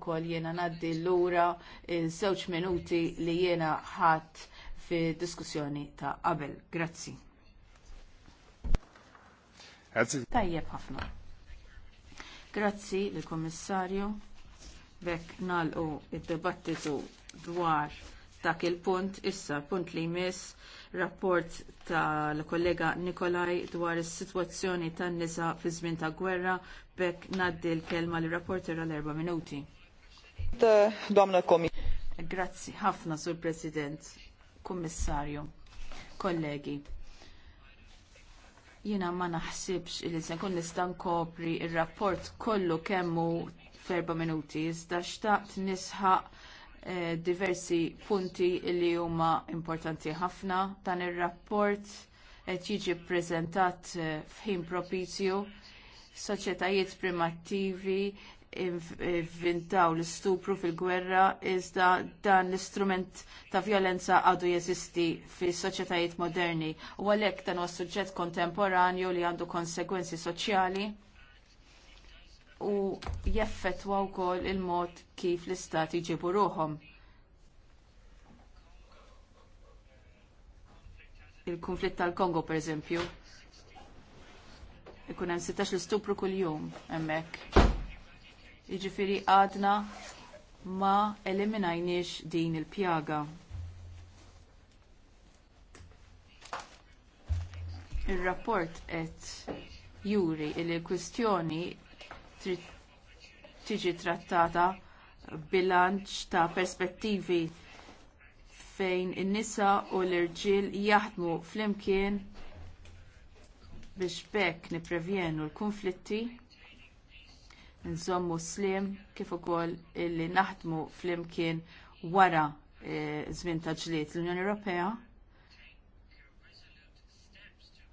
naddi l-ura lura żewġ minuti li jiena ħadd fid diskussjoni ta' qabel. Grazzi. Tajjeb ħafna. Grazzi lill kummissarju Bekk nagħlqu id-debattitu dwar dak il-punt issa punt li jmiss rapport tal-kollega Nikolaj dwar is-sitwazzjoni tan-nisa fi żmien ta' gwerra bekk ngħaddi l-kelma l rapporter għal erba' minuti. Grazzi, ħafna, sur President, Kummissarju, kollegi. Jiena ma naħsibx li se nkun nista' nkopri r rapport kollu kemmu ferba minuti, iżda xtaqt nisħaq eh, diversi punti li huma importanti ħafna dan ir-rapport qed jiġi ppreżentat eh, f'ħin propizju soċjetajiet primattivi inventaw l-istupru fil-gwerra iżda dan l-istrument ta' vjolenza għadu jeżisti fis soċjetajiet moderni u għalhekk dan huwa suġġett kontemporanju li għandu konsegwenzi soċjali u jeffettwa wkoll il-mod kif l-istati jġibu ruhom. il-konflitt tal-Kongo per eżempju. Ikun hemm 16 l-istupru kuljum hemmhekk. Jiġifieri għadna ma eliminajniex din il-pjaga. ir rapport qed juri li l-kwistjoni tiġi trattata bilanċ ta' perspettivi fejn in-nisa u l-irġiel jaħdmu flimkien biex bekk nipprevjenu l-konflitti nżommu slim kif ukoll illi naħdmu flimkien wara e, żmien ta' ġlied l-Unjoni Ewropea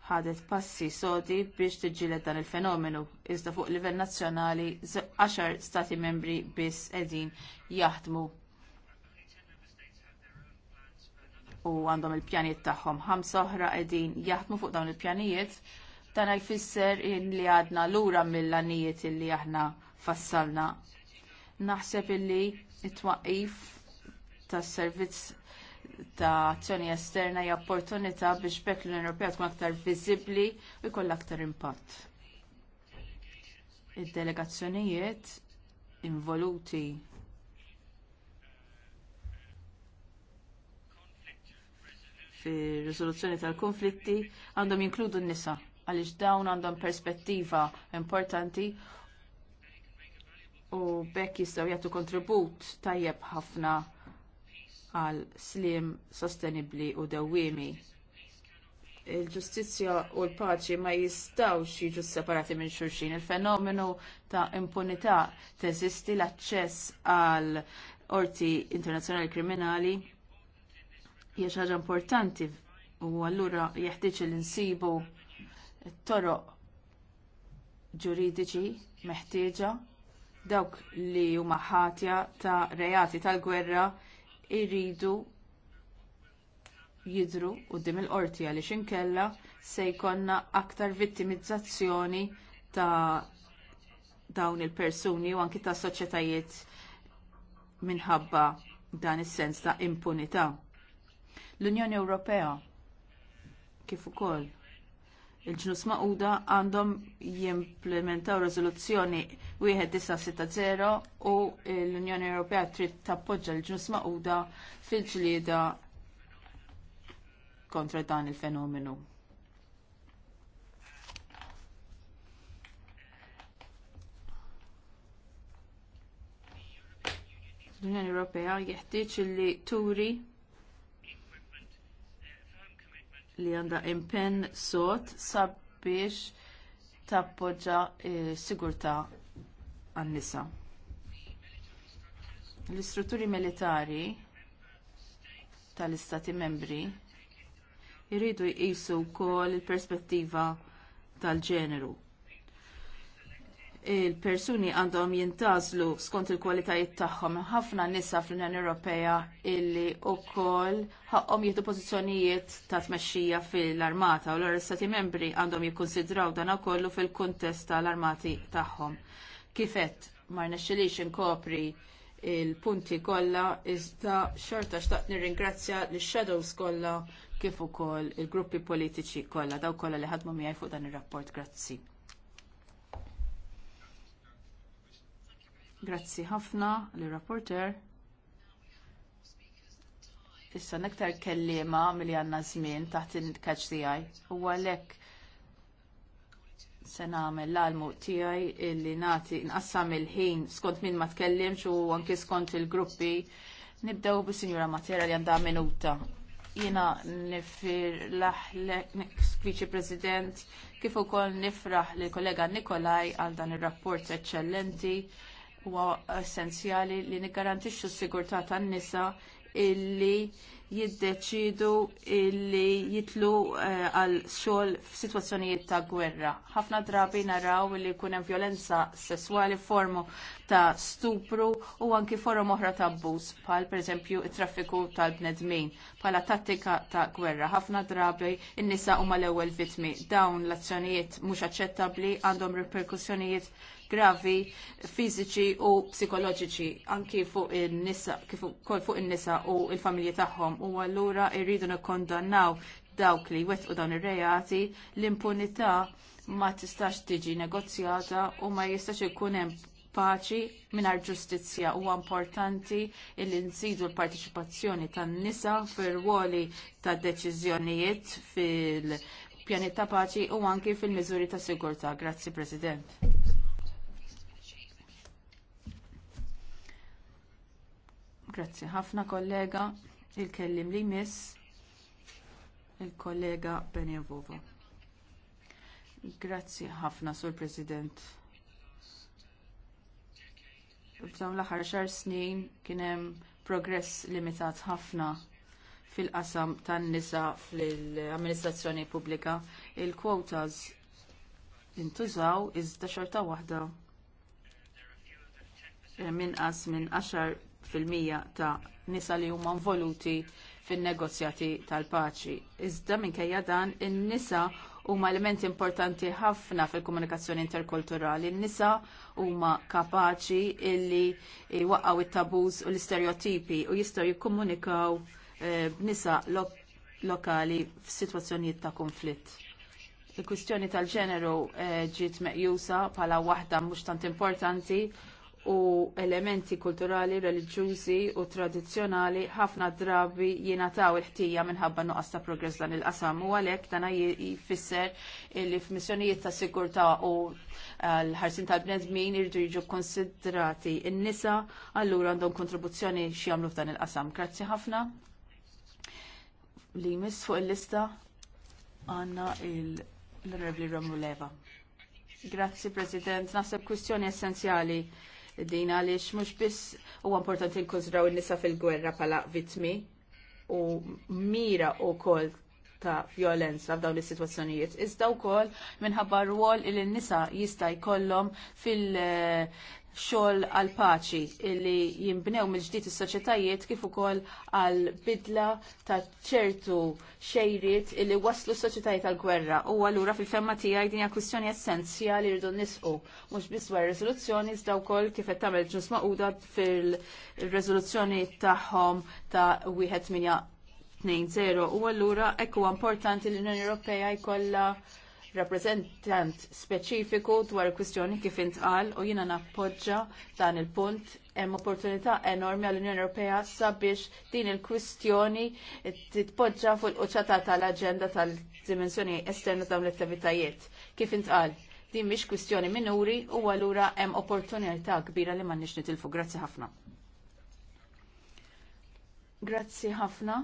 ħadet passi sodi biex tiġġieled dan il-fenomenu. Iżda fuq livell nazzjonali 10 stati membri biss qegħdin jaħdmu u għandhom il-pjanijiet tagħhom. Ħamsa oħra qegħdin jaħdmu fuq dawn il-pjanijiet Dan jfisser in li għadna lura mill-għanijiet illi aħna fassalna. Naħseb illi it-twaqif tas servizz ta' azzjoni esterna hija opportunità biex bekk l-Unjoni Ewropea tkun aktar viżibbli u jkollha aktar impatt. Id-delegazzjonijiet involuti fir riżoluzzjoni tal-konflitti għandhom jinkludu n-nisa għaliex dawn għandhom perspettiva importanti u bekk jistgħu jagħtu kontribut tajjeb ħafna għal slim sostenibbli u dewwiemi. Il-ġustizzja u l-paċi ma jistgħux jiġu separati minn xulxin. Il-fenomenu ta' impunità teżisti l-aċċess għal orti internazzjonali kriminali hija xi ħaġa importanti u allura jeħtieġ li nsibu it-toroq ġuridiċi meħtieġa dawk li huma ħatja ta' reati tal-gwerra jridu jidhru quddiem il-qorti għaliex inkella se jkollna aktar vittimizzazzjoni ta' dawn il-persuni u anki tas soċjetajiet minħabba dan is-sens ta' impunità. L-Unjoni Ewropea kif ukoll il-ġnus maquda għandhom jimplementaw rezoluzzjoni 1960 u l-Unjoni Ewropea trid tappoġġa l-ġnus maquda fil-ġlieda kontra dan il-fenomenu. L-Unjoni Ewropea jeħtieġ li turi li għandha impenn sod sabiex tappoġġa s-sigurtà eh, għan-nisa. L-istrutturi militari tal-istati membri jridu jqisu wkoll il-perspettiva tal-ġeneru il-persuni għandhom jintazlu skont il-kwalitajiet tagħhom. Ħafna nisa fl-Unjoni Ewropea illi wkoll ħaqhom jieħdu pożizzjonijiet ta' tmexxija fil-armata u l-istati membri għandhom jikkonsidraw dan kollu fil-kuntest tal-armati tagħhom. Kifet ma rnexxilix inkopri il-punti kollha iżda xorta xtaqt nirringrazzja lix-shadows kollha kif ukoll il-gruppi politiċi kollha daw kollha li ħadmu miegħi fuq dan ir-rapport. Grazzi. Grazzi ħafna li rapporter. Issa nektar kellima mill għanna żmien taħt il-kaċ tiegħi. U għalhekk se nagħmel l-almu tiegħi illi nagħti nqassam il-ħin skont min ma tkellimx u anke skont il-gruppi. Nibdew bis-Sinjura Matera li għandha minuta Jiena nifir laħlek viċi president kif ukoll nifraħ li kollega Nikolaj għal dan ir-rapport eċċellenti huwa essenzjali li niggarantixxu s-sigurtà tan-nisa illi jiddeċidu illi jitlu eh, għal uh, xogħol f'sitwazzjonijiet ta' gwerra. Ħafna drabi naraw li jkun hemm violenza sesswali formu ta' stupru u anki forum oħra ta' abbuż bħal pereżempju t traffiku tal-bnedmin bħala tattika ta' gwerra. Ħafna drabi n-nisa huma l-ewwel vittmi. Dawn l-azzjonijiet mhux aċċettabbli għandhom riperkussjonijiet gravi fiżiċi u psikoloġiċi anki fuq in-nisa kif ukoll fuq in-nisa u l-familji tagħhom u allura rridu nikkondannaw dawk li wettqu dawn ir-reati l-impunità ma tistax tiġi negozjata u ma jistax ikun hemm paċi mingħajr ġustizzja huwa importanti li nżidu l-partiċipazzjoni tan-nisa fir-ruoli tad deċiżjonijiet fil-pjani ta' paċi u anki fil-miżuri ta' sigurtà. Grazzi President. Grazzi ħafna kollega il-kellim li miss il-kollega Benjevova. Grazzi ħafna, Sur President. dawn l-aħħar xar snin kien hemm progress limitat ħafna fil-qasam tan-nisa fl-amministrazzjoni pubblika. Il-quotas intużaw iżda xorta waħda minqas minn 10 fil-mija ta' nisa li huma involuti fin-negozjati tal-paċi. Iżda minkejja dan in-nisa huma elementi importanti ħafna fil-komunikazzjoni interkulturali. In-nisa huma kapaċi illi waqgħu it-tabuż u l-istereotipi u jistgħu jikkomunikaw eh, b'nisa lokali f'sitwazzjonijiet ta' konflitt il-kwistjoni tal-ġeneru eh, ġiet meqjusa bħala waħda mhux tant importanti u elementi kulturali, reliġjużi u tradizzjonali ħafna drabi jingħataw il-ħtija minħabba nuqqas ta' progress dan il-qasam u għalhekk dan jfisser li f'missjonijiet ta' sigurtà u eh, l-ħarsin tal-bnedmin irridu jiġu konsidrati in-nisa allura għandhom kontribuzzjoni x'jagħmlu f'dan il-qasam. Grazzi ħafna. Li jmiss fuq il-lista għandna l-Onorevoli Romuleva. Grazzi President, naħseb kwistjoni essenzjali din għaliex mhux biss huwa importanti nkonsidraw in-nisa fil-gwerra bħala vittmi u mira wkoll ta' violenza f'dawn is-sitwazzjonijiet. Iżda wkoll minħabba rwol il nisa jista' jkollhom fil- xogħol għal paċi li jinbnew mill-ġdid is-soċjetajiet kif ukoll għal bidla ta' ċertu xejriet illi waslu s-soċjetajiet għal gwerra. U allura fil-femma tiegħi din hija kwistjoni essenzjali rridu nisqu mhux biss dwar riżoluzzjoni iżda wkoll kif qed tagħmel ġus maquda fil-riżoluzzjoni tagħhom ta' wieħed 1820 u allura hekk huwa importanti li l-Unjoni Ewropea jkollha rappresentant speċifiku dwar il-kwistjoni kif intqal u jiena nappoġġa dan il-punt hemm opportunità enormi għall-Unjoni Ewropea sabiex din il-kwistjoni titpoġġa fuq il-quċċata tal-aġenda tal-dimensjoni esterna dawn l-attivitajiet. Kif intqal, din mhix kwistjoni minuri u allura hemm opportunità kbira li m'għandniex nitilfu. Grazzi ħafna. Grazzi ħafna.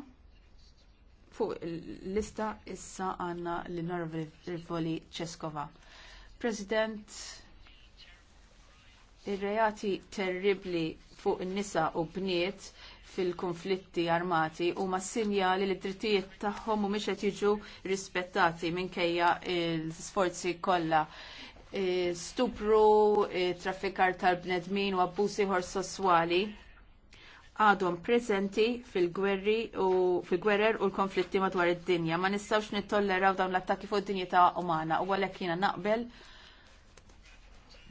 Fuq l-lista issa għanna l-Norvoli Ċeskova. President, ir-reati terribli fuq in-nisa u bniet fil-konflitti armati huma sinjali li d-drittijiet tagħhom mhumiex qed jiġu rispettati minkejja l-sforzi kollha. E, stupru, e, traffikar tal-bnedmin u abbusi ħor sesswali għadhom prezenti fil-gwerri u fil-gwerer u l-konflitti madwar id-dinja. Ma nistgħux nittolleraw dawn l-attakki fuq id-dinjità umana u għalhekk jiena naqbel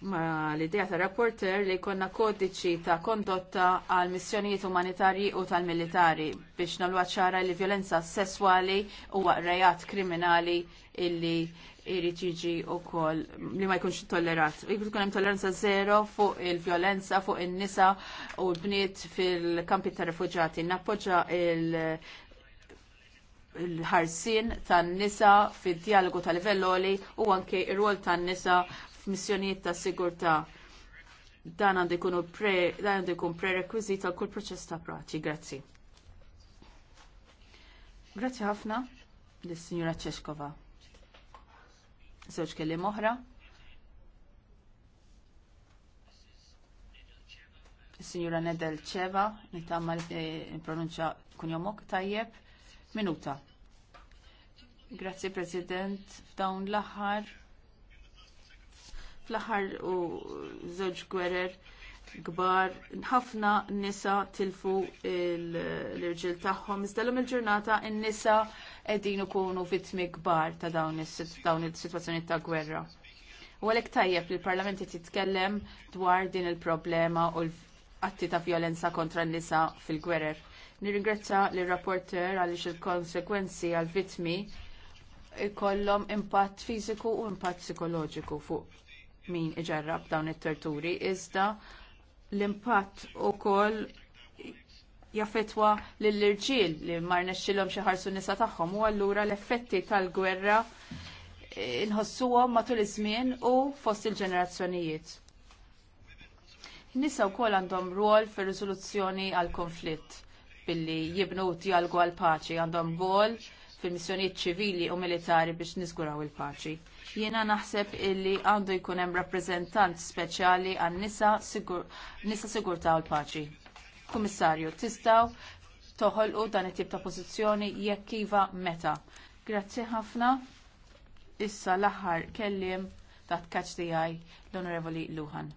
ma l-idea ta' rapporter li jkollna kodiċi ta' kondotta għal missjonijiet umanitarji u tal-militari biex nalwa ċara li violenza sesswali huwa rejat kriminali illi jrid jiġi wkoll li ma jkunx tollerat. Jkun hemm tolleranza zero fuq il-violenza fuq in-nisa u l-bniet fil-kampi ta' rifuġati. Nappoġġa il- l-ħarsin tan nisa fid dialogu tal livell u anke ir-rol tan nisa f'missjonijiet ta' sigurtà dan għandu jkun pre, dan għandu jkun prerequisit għal kull proċess ta' praċi. Grazzi. Grazzi ħafna lis-Sinjura Ċeskova. Żewġ kelli oħra. Is-Sinjura Nedel Ċeva, nitammal li eh, pronunċa kunjomok tajjeb. Minuta. Grazzi President, f'dawn l-aħħar fl-aħħar u żewġ gwerer kbar ħafna nisa tilfu l-irġil tagħhom iżda il-ġurnata n-nisa qegħdin ikunu vittmi kbar ta' dawn is-sitwazzjoni ta' gwerra. U għalhekk tajjeb li l-Parlament jitkellem dwar din il-problema u l-atti ta' violenza kontra n-nisa fil-gwerer. Nirringrazzja l-rapporter għaliex il-konsekwenzi għal vittmi jkollhom impatt fiżiku u impatt psikoloġiku fuq min iġarrab dawn it-torturi, iżda l-impatt ukoll jaffettwa lill-irġiel li mar nexxilhom xi ħarsu nisa tagħhom u allura l-effetti tal-gwerra eh, inħossuhom matul iż-żmien u fost il-ġenerazzjonijiet. Nisa wkoll għandhom rwol fir-riżoluzzjoni għall konflitt billi jibnu utjalgu għal paċi għandhom rwol fil-missjonijiet ċivili u militari biex niżguraw il-paċi. Jiena naħseb illi għandu jkun hemm rappreżentant speċjali għan nisa sigur, nisa sigurta u l-paċi. Kummissarju, tistaw toħolqu dan it-tip ta' pożizzjoni jekk iva meta. Grazzi ħafna. Issa l-aħħar kelliem ta' tkaċ l-Onorevoli Luhan.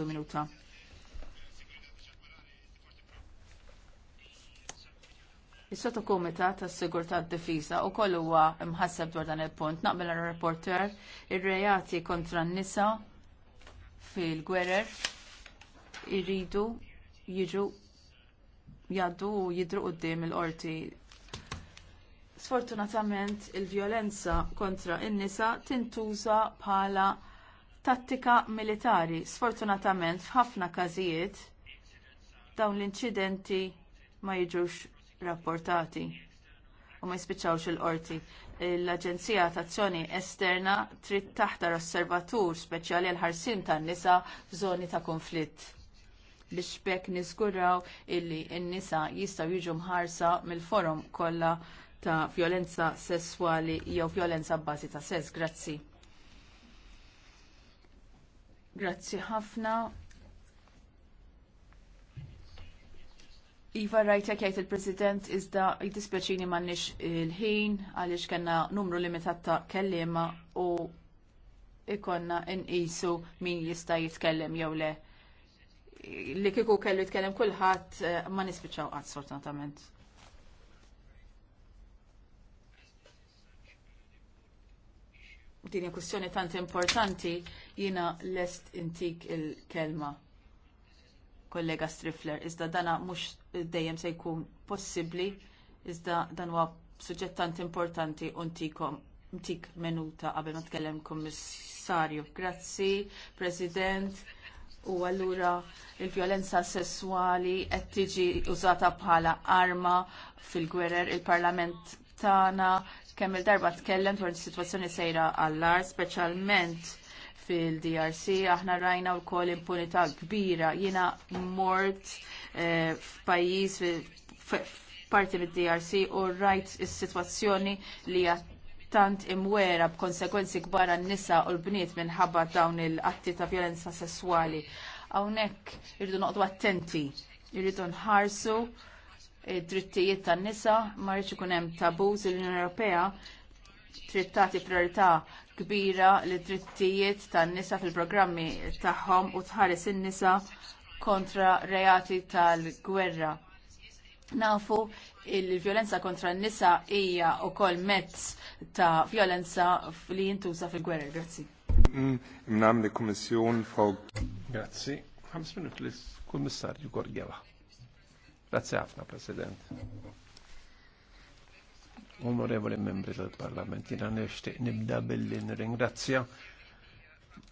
Minuta. Is-soto komitat tas sigurtà difiża u koll huwa mħasseb dwar dan il-punt naqbel ar-reporter ir-rejati kontra n-nisa fil-gwerer iridu jiġu jaddu u jidru quddiem il-qorti Sfortunatament il-vjolenza kontra n nisa tintuża bħala tattika militari. Sfortunatament f'ħafna każijiet dawn l-inċidenti ma jiġux rapportati u ma jispiċċawx il-qorti. L-Aġenzija ta' Azzjoni Esterna trid taħtar osservatur speċjali għal ħarsien tan-nisa f'żoni ta' konflitt biex bekk niżguraw illi n-nisa jistgħu jiġu mħarsa mill-forum kollha ta' violenza sesswali jew violenza bbażi ta' sess. Grazzi. Grazzi ħafna. Iva rajtek kajt il-President iżda jdispjaċini mannix il-ħin għalix kena numru limitat ta' kellima u ikonna in-isu min jista' jitkellem jew le. Li kiku kellu jitkellem kulħadd eh, ma nispiċċaw qatt sfortunatament. Din kwistjoni tant importanti jina lest intik il-kelma kollega Strifler, iżda dana mhux dejjem se jkun possibbli, iżda dan huwa suġġettant importanti u ntikom ntik minuta qabel ma tkellem kommissarju. Grazzi, President. U allura il-violenza sessuali qed tiġi użata bħala arma fil-gwerer il-Parlament tagħna kemm il-darba tkellem dwar is-sitwazzjoni sejra għall-ar, speċjalment fil-DRC, aħna rajna wkoll impunità kbira. Jiena mort eh, f'pajjiż parti mid-DRC u rajt is-sitwazzjoni li tant imwera b'konsekwenzi kbara n nisa u l-bniet minħabba dawn il-atti ta' violenza sesswali. Hawnhekk irridu noqdu attenti, irridu nħarsu id-drittijiet tan-nisa, ma kunem ikun hemm tabuż l-Unjoni Ewropea trid tagħti priorità kbira li drittijiet tan-nisa fil-programmi tagħhom u tħares in-nisa kontra reati tal-gwerra. Nafu il-violenza kontra n-nisa hija wkoll mezz ta' violenza li jintuża fil-gwerra. Grazzi. Mm, Nam li kummissjon fog. Grazzi. 5 minuti l-Kummissarju Gorgjeva. Grazzi ħafna, President onorevoli membri tal-Parlament, jina nishtiq nibda billi nringrazzja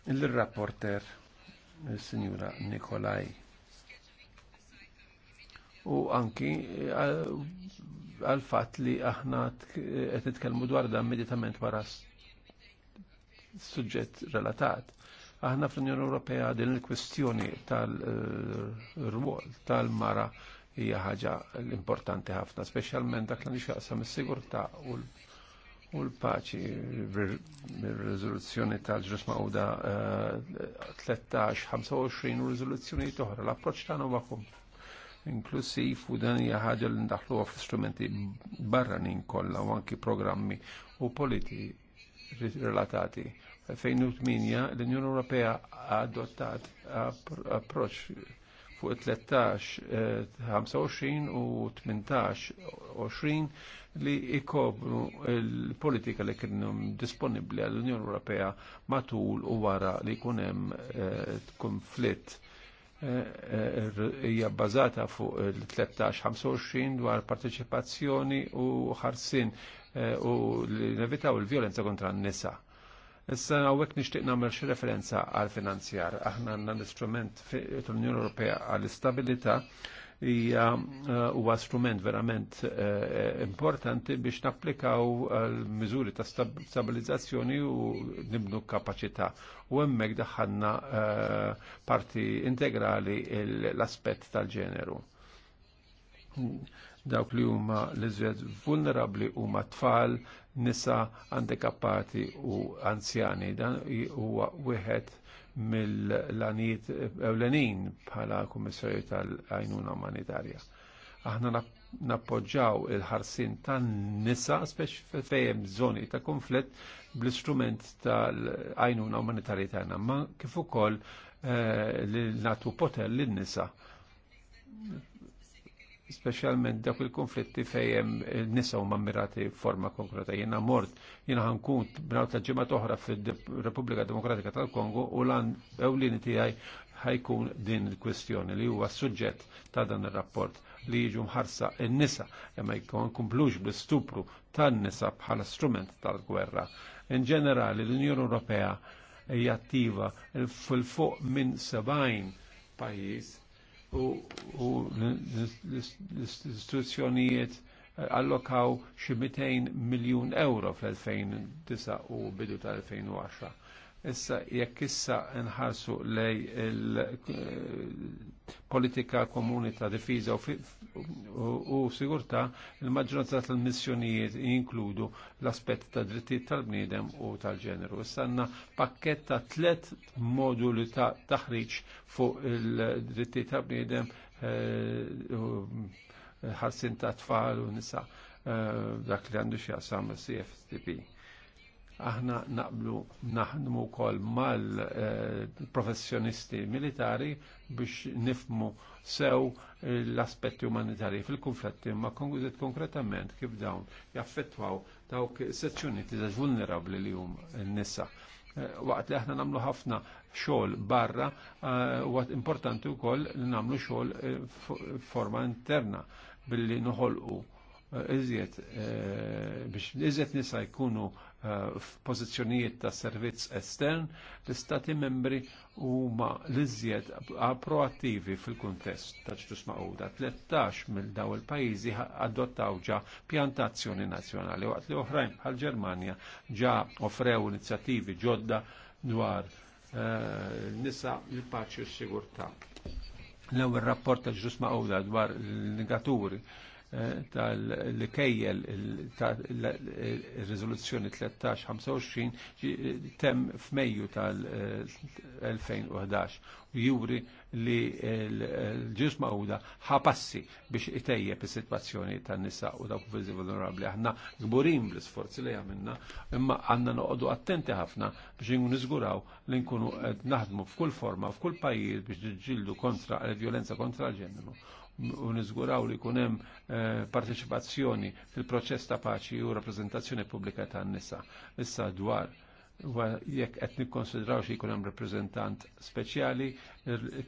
l rapporter il-Sinjura Nikolaj. U anki eh, għal fatt li aħna qed eh, nitkellmu dwar dan meditament wara suġġett relatat. Aħna fl-Unjoni Ewropea din il-kwestjoni tal-rwol eh, tal-mara tal rwol tal mara tal mara hija ħaġa l-importanti ħafna, speċjalment dak li xaqsam is-sigurtà u l-paċi mir-riżoluzzjoni tal-ġus mawda 13-25 u riżoluzzjoni toħra. L-approċċ tagħna huwa inklusiv u dan hija ħaġa li ndaħluha strumenti barranin kollha u anki programmi u politi relatati. fejn 2008 l-Unjoni Ewropea adottat approċċ fuq 13, 25 eh, u 18, 20 li ikobru il-politika li kienu disponibli għall-Unjoni Ewropea matul u wara li kunem eh, konflitt eh, hija bbażata fuq il-13-25 dwar partecipazzjoni u ħarsin u li nevitaw il-vjolenza kontra n-nisa Issa għawek nishtiq namel xi referenza għal finanzjar. Aħna għanna l-istrument tal-Unjoni Ewropea għal istabilità hija eh, huwa strument verament eh, importanti biex napplikaw eh, l-miżuri ta' stabilizzazzjoni u nibnu kapaċità. U hemmhekk daħħalna parti integrali l-aspett tal-ġeneru dawk li huma l-iżjed vulnerabbli huma tfal, nisa, handikappati u anzjani. Dan huwa wieħed mill-lanijiet ewlenin bħala kummissarju tal-għajnuna umanitarja. Aħna nappoġġaw il-ħarsin tan nisa speċ fejem zoni ta' konflitt bl-istrument tal-għajnuna umanitarja tagħna, ma kif ukoll eh, li natu poter lin nisa specialment dak il-konflitti fejjem nisa huma mmirati forma konkreta. Jiena mort, jiena ħankun b'nawt ta' ġimgħa oħra fil-Repubblika Demokratika tal-Kongo u lan ewlieni tiegħi ħajkun din il-kwestjoni li huwa suġġett ta' dan ir-rapport li jiġu mħarsa n-nisa imma jkun kumplux bl-istupru tan-nisa bħala strument tal-gwerra. In ġenerali l-Unjoni Ewropea hija attiva fil-fuq minn 70 pajjiż u l-istituzzjonijiet eh, allokaw xi 200 miljun euro fl-2009 u bidu tal-2010 Issa jekk issa nħarsu lej il-politika komuni ta' difiża u sigurtà il-maġġoranza tal-missjonijiet jinkludu l-aspett ta' drittijiet tal-bniedem u tal-ġeneru. Issa għandna pakkett ta' tliet moduli ta' taħriġ fuq il-drittijiet tal-bniedem eh, ħarsin ta' tfal u nisa eh, dak li għandu xi jaqsam CFTP aħna naqblu naħdmu kol mal-professjonisti eh, militari biex nifmu sew l-aspetti umanitarji fil-konfletti ma kongużet konkretament kif dawn jaffettwaw dawk sezzjoni tiżaġ vulnerabli li hum n-nisa. Eh, waqt li aħna namlu ħafna xogħol barra, eh, waqt importanti wkoll li namlu xogħol forma interna billi noħolqu iżjed biex iżjed nisa jkunu Eh, f'pożizzjonijiet ta' servizz estern, l-istati membri huma l-iżjed proattivi fil-kuntest ta' ġdus maquda. 13 mill daw il-pajjiżi adottaw ġa pjantazzjoni nazzjonali waqt li oħrajn bħal Ġermanja ġa offrew inizjattivi ġodda dwar eh, nisa l-paċi u s-sigurtà. L-ewwel rapport ta' ġdus maquda dwar l-negaturi tal-kejjel il rezoluzzjoni 13-25 tem f'Mejju tal-2011 u juri li l u da ħapassi biex itejjeb is-sitwazzjoni tan-nisa u dawk viżi vulnerabbli. Aħna gburin bl-isforzi li għamilna, imma għandna noqogħdu attenti ħafna biex niżguraw li nkunu naħdmu f'kull forma, f'kull pajjiż biex niġġieldu kontra l violenza kontra l-ġenru u nizguraw li kunem eh, parteċipazzjoni fil-proċess ta' paċi u rappresentazzjoni pubblika ta' nisa. Issa dwar jekk qed nikkonsidraw xi jkun hemm rappreżentant speċjali,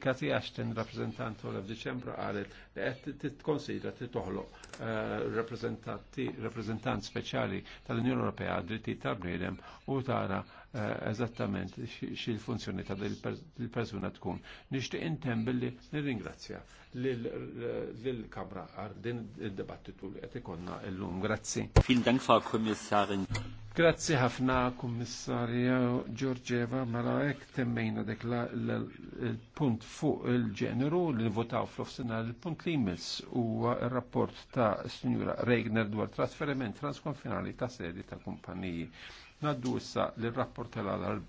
Kati Ashton, rappresentant l f'Diċembru, għalet li għed titkonsidra titoħloq eh, rappresentant speċjali tal-Unjoni Ewropea dritti ta' bniedem u tara eżattament eh, xil funzjoni ta' il-persuna tkun. Nishtiq intem billi nirringrazzja lill-Kamra għar din id debattitu li qed ikonna l-lum. Grazzi. Fil Dank, fa' komissarin. Grazzi ħafna, Kommissarja Giorgieva, mela hekk temmejna dik punt fuq il-ġeneru li votaw fl-ofsenar il-punt li jmiss u rapport ta' Signora Regner dwar trasferiment transkonfinali ta' sedi ta' kumpaniji. Naddu issa l-rapport tal-għal